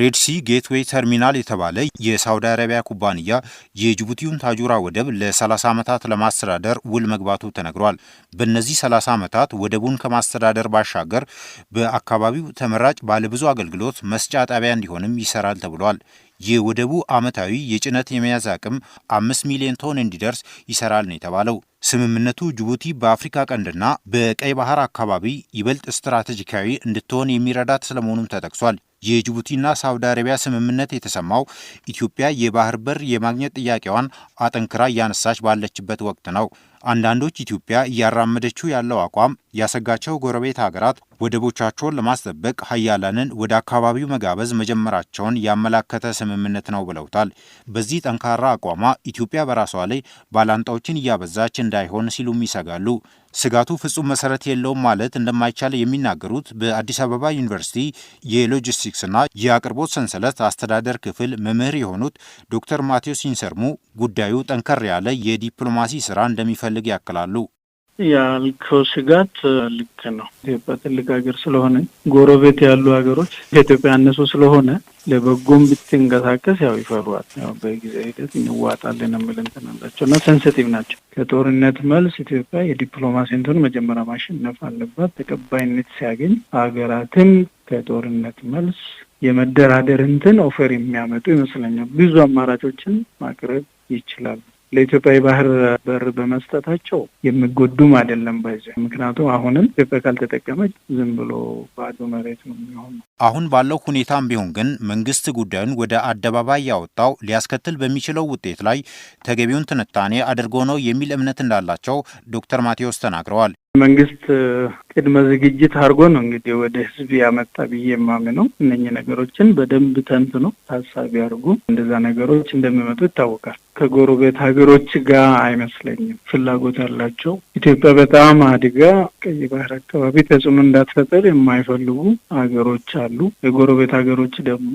ሬድሲ ጌትዌይ ተርሚናል የተባለ የሳውዲ አረቢያ ኩባንያ የጅቡቲውን ታጁራ ወደብ ለ30 ዓመታት ለማስተዳደር ውል መግባቱ ተነግሯል። በእነዚህ 30 ዓመታት ወደቡን ከማስተዳደር ባሻገር በአካባቢው ተመራጭ ባለብዙ አገልግሎት መስጫ ጣቢያ እንዲሆንም ይሰራል ተብሏል። የወደቡ ዓመታዊ የጭነት የመያዝ አቅም አምስት ሚሊዮን ቶን እንዲደርስ ይሰራል ነው የተባለው። ስምምነቱ ጅቡቲ በአፍሪካ ቀንድና በቀይ ባህር አካባቢ ይበልጥ ስትራቴጂካዊ እንድትሆን የሚረዳት ስለመሆኑም ተጠቅሷል። የጅቡቲና ሳውዲ አረቢያ ስምምነት የተሰማው ኢትዮጵያ የባህር በር የማግኘት ጥያቄዋን አጠንክራ እያነሳች ባለችበት ወቅት ነው። አንዳንዶች ኢትዮጵያ እያራመደችው ያለው አቋም ያሰጋቸው ጎረቤት ሀገራት ወደቦቻቸውን ለማስጠበቅ ሀያላንን ወደ አካባቢው መጋበዝ መጀመራቸውን ያመላከተ ስምምነት ነው ብለውታል። በዚህ ጠንካራ አቋሟ ኢትዮጵያ በራሷ ላይ ባላንጣዎችን እያበዛች እንዳይሆን ሲሉም ይሰጋሉ። ስጋቱ ፍጹም መሰረት የለውም ማለት እንደማይቻል የሚናገሩት በአዲስ አበባ ዩኒቨርሲቲ የሎጂስቲክስና የአቅርቦት ሰንሰለት አስተዳደር ክፍል መምህር የሆኑት ዶክተር ማቴዎስ ሲንሰርሙ ጉዳዩ ጠንከር ያለ የዲፕሎማሲ ስራ እንደሚፈልግ እንደሚያስፈልግ ያክላሉ። ያልከው ስጋት ልክ ነው። ኢትዮጵያ ትልቅ ሀገር ስለሆነ ጎረቤት ያሉ ሀገሮች ከኢትዮጵያ ያነሱ ስለሆነ ለበጎም ብትንቀሳቀስ ያው ይፈሯል። ያው በጊዜ ሂደት እንዋጣለን የሚል እንትን አላቸው እና ሴንሲቲቭ ናቸው። ከጦርነት መልስ ኢትዮጵያ የዲፕሎማሲ እንትኑን መጀመሪያ ማሸነፍ አለባት። ተቀባይነት ሲያገኝ ሀገራትን ከጦርነት መልስ የመደራደር እንትን ኦፈር የሚያመጡ ይመስለኛል። ብዙ አማራጮችን ማቅረብ ይችላሉ። ለኢትዮጵያ የባህር በር በመስጠታቸው የሚጎዱም አይደለም ባይዘ ምክንያቱም አሁንም ኢትዮጵያ ካልተጠቀመች ዝም ብሎ ባዶ መሬት ነው የሚሆነው። አሁን ባለው ሁኔታም ቢሆን ግን መንግስት ጉዳዩን ወደ አደባባይ ያወጣው ሊያስከትል በሚችለው ውጤት ላይ ተገቢውን ትንታኔ አድርጎ ነው የሚል እምነት እንዳላቸው ዶክተር ማቴዎስ ተናግረዋል። መንግስት ቅድመ ዝግጅት አድርጎ ነው እንግዲህ ወደ ህዝብ ያመጣ ብዬ የማምነው። እነኚህ ነገሮችን በደንብ ተንትኖ ታሳቢ አድርጎ እንደዛ ነገሮች እንደሚመጡ ይታወቃል። ከጎረቤት ሀገሮች ጋር አይመስለኝም ፍላጎት ያላቸው ኢትዮጵያ በጣም አድጋ ቀይ ባህር አካባቢ ተጽዕኖ እንዳትፈጠር የማይፈልጉ ሀገሮች አሉ። የጎረቤት ሀገሮች ደግሞ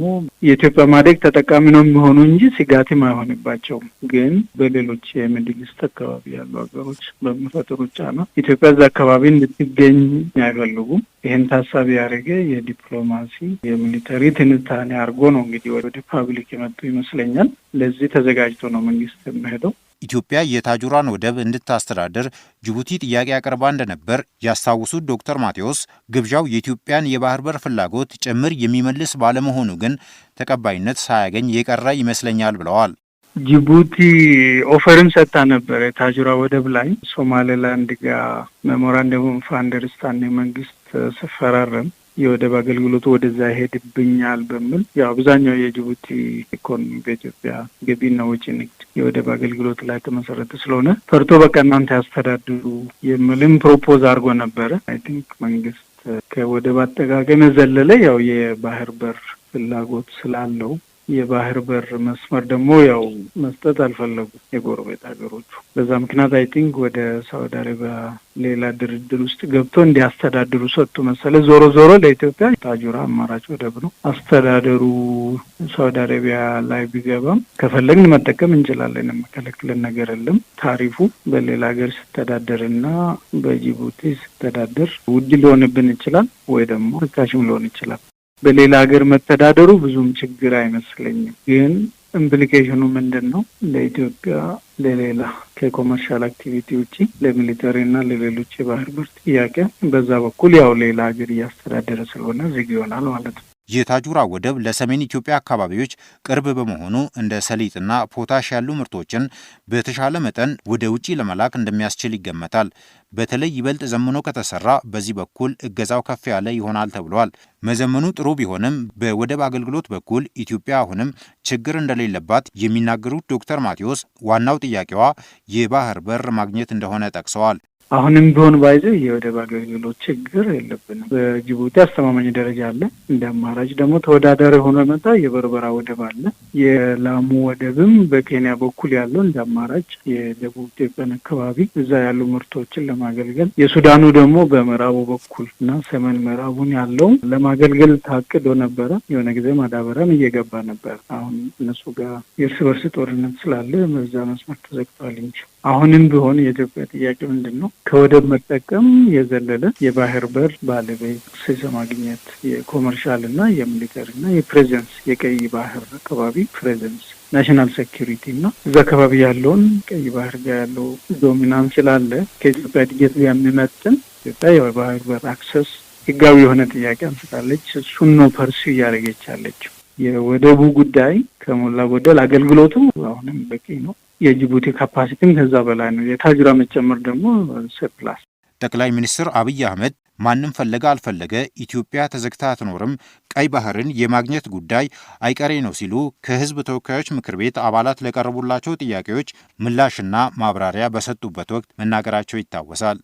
የኢትዮጵያ ማደግ ተጠቃሚ ነው የሚሆኑ እንጂ ስጋትም አይሆንባቸውም። ግን በሌሎች የሚድል ኢስት አካባቢ ያሉ ሀገሮች በሚፈጥሩ ጫና ኢትዮጵያ እዛ አካባቢ እንድትገኝ አይፈልጉም። ይህን ታሳቢ ያደረገ የዲፕሎማሲ የሚሊተሪ ትንታኔ አድርጎ ነው እንግዲህ ወደ ፓብሊክ የመጡ ይመስለኛል። ለዚህ ተዘጋጅቶ ነው መንግስት የሚሄደው። ኢትዮጵያ የታጁራን ወደብ እንድታስተዳደር ጅቡቲ ጥያቄ አቅርባ እንደነበር ያስታውሱት ዶክተር ማቴዎስ ግብዣው የኢትዮጵያን የባህር በር ፍላጎት ጭምር የሚመልስ ባለመሆኑ ግን ተቀባይነት ሳያገኝ የቀረ ይመስለኛል ብለዋል። ጅቡቲ ኦፈርም ሰጥታ ነበረ ታጅራ ወደብ ላይ ሶማሌላንድ ጋር ሜሞራንደም ኦፍ መንግስት ስፈራረም የወደብ አገልግሎቱ ወደዛ ይሄድብኛል በሚል ያው አብዛኛው የጅቡቲ ኢኮኖሚ በኢትዮጵያ ገቢና ውጭ ንግድ የወደብ አገልግሎት ላይ ተመሰረተ ስለሆነ ፈርቶ በቃ እናንተ ያስተዳድሩ የሚልም ፕሮፖዝ አድርጎ ነበረ። አይ ቲንክ መንግስት ከወደብ አጠቃቀም የዘለለ ያው የባህር በር ፍላጎት ስላለው የባህር በር መስመር ደግሞ ያው መስጠት አልፈለጉ የጎረቤት ሀገሮቹ። በዛ ምክንያት አይ ቲንክ ወደ ሳውዲ አረቢያ ሌላ ድርድር ውስጥ ገብቶ እንዲያስተዳድሩ ሰጡ መሰለ። ዞሮ ዞሮ ለኢትዮጵያ ታጁራ አማራጭ ወደብ ነው። አስተዳደሩ ሳውዲ አረቢያ ላይ ቢገባም ከፈለግን መጠቀም እንችላለን። የመከለክለን ነገር የለም። ታሪፉ በሌላ ሀገር ሲተዳደር በጅቡቲ ሲተዳደር ውድ ሊሆንብን ይችላል ወይ ደግሞ ርካሽም ሊሆን ይችላል። በሌላ ሀገር መተዳደሩ ብዙም ችግር አይመስለኝም። ግን ኢምፕሊኬሽኑ ምንድን ነው? ለኢትዮጵያ ለሌላ ከኮመርሻል አክቲቪቲ ውጪ ለሚሊተሪ እና ለሌሎች የባህር በር ጥያቄ በዛ በኩል ያው ሌላ ሀገር እያስተዳደረ ስለሆነ ዝግ ይሆናል ማለት ነው። የታጁራ ወደብ ለሰሜን ኢትዮጵያ አካባቢዎች ቅርብ በመሆኑ እንደ ሰሊጥና ፖታሽ ያሉ ምርቶችን በተሻለ መጠን ወደ ውጪ ለመላክ እንደሚያስችል ይገመታል። በተለይ ይበልጥ ዘምኖ ከተሰራ በዚህ በኩል እገዛው ከፍ ያለ ይሆናል ተብሏል። መዘመኑ ጥሩ ቢሆንም በወደብ አገልግሎት በኩል ኢትዮጵያ አሁንም ችግር እንደሌለባት የሚናገሩት ዶክተር ማቴዎስ ዋናው ጥያቄዋ የባህር በር ማግኘት እንደሆነ ጠቅሰዋል። አሁንም ቢሆን ባይዘ የወደብ አገልግሎት ችግር የለብንም። በጅቡቲ አስተማማኝ ደረጃ አለ። እንደ አማራጭ ደግሞ ተወዳዳሪ ሆኖ መጣ የበርበራ ወደብ አለ። የላሙ ወደብም በኬንያ በኩል ያለው እንደ አማራጭ የደቡብ ኢትዮጵያን አካባቢ እዛ ያሉ ምርቶችን ለማገልገል፣ የሱዳኑ ደግሞ በምዕራቡ በኩል እና ሰሜን ምዕራቡን ያለው ለማገልገል ታቅዶ ነበረ። የሆነ ጊዜ ማዳበሪያም እየገባ ነበር። አሁን እነሱ ጋር የእርስ በርስ ጦርነት ስላለ በዛ መስመር ተዘግቷል እንጂ አሁንም ቢሆን የኢትዮጵያ ጥያቄ ምንድን ነው? ከወደብ መጠቀም የዘለለ የባህር በር ባለቤት ስዘ ማግኘት የኮመርሻል እና የሚሊተሪ እና የፕሬዘንስ የቀይ ባህር አካባቢ ፕሬዘንስ ናሽናል ሴኪሪቲ እና እዛ አካባቢ ያለውን ቀይ ባህር ጋር ያለው ዶሚናንስ ስላለ ከኢትዮጵያ ጥያቄ የሚመጥን ኢትዮጵያ የባህር በር አክሰስ ህጋዊ የሆነ ጥያቄ አንስታለች። እሱን ነው ፐርሲ እያደረገች ያለችው። የወደቡ ጉዳይ ከሞላ ጎደል አገልግሎቱ አሁንም በቂ ነው። የጅቡቲ ካፓሲቲም ከዛ በላይ ነው። የታጅራ መጨመር ደግሞ ፕላስ ጠቅላይ ሚኒስትር አብይ አህመድ ማንም ፈለገ አልፈለገ ኢትዮጵያ ተዘግታ አትኖርም፣ ቀይ ባህርን የማግኘት ጉዳይ አይቀሬ ነው ሲሉ ከህዝብ ተወካዮች ምክር ቤት አባላት ለቀረቡላቸው ጥያቄዎች ምላሽና ማብራሪያ በሰጡበት ወቅት መናገራቸው ይታወሳል።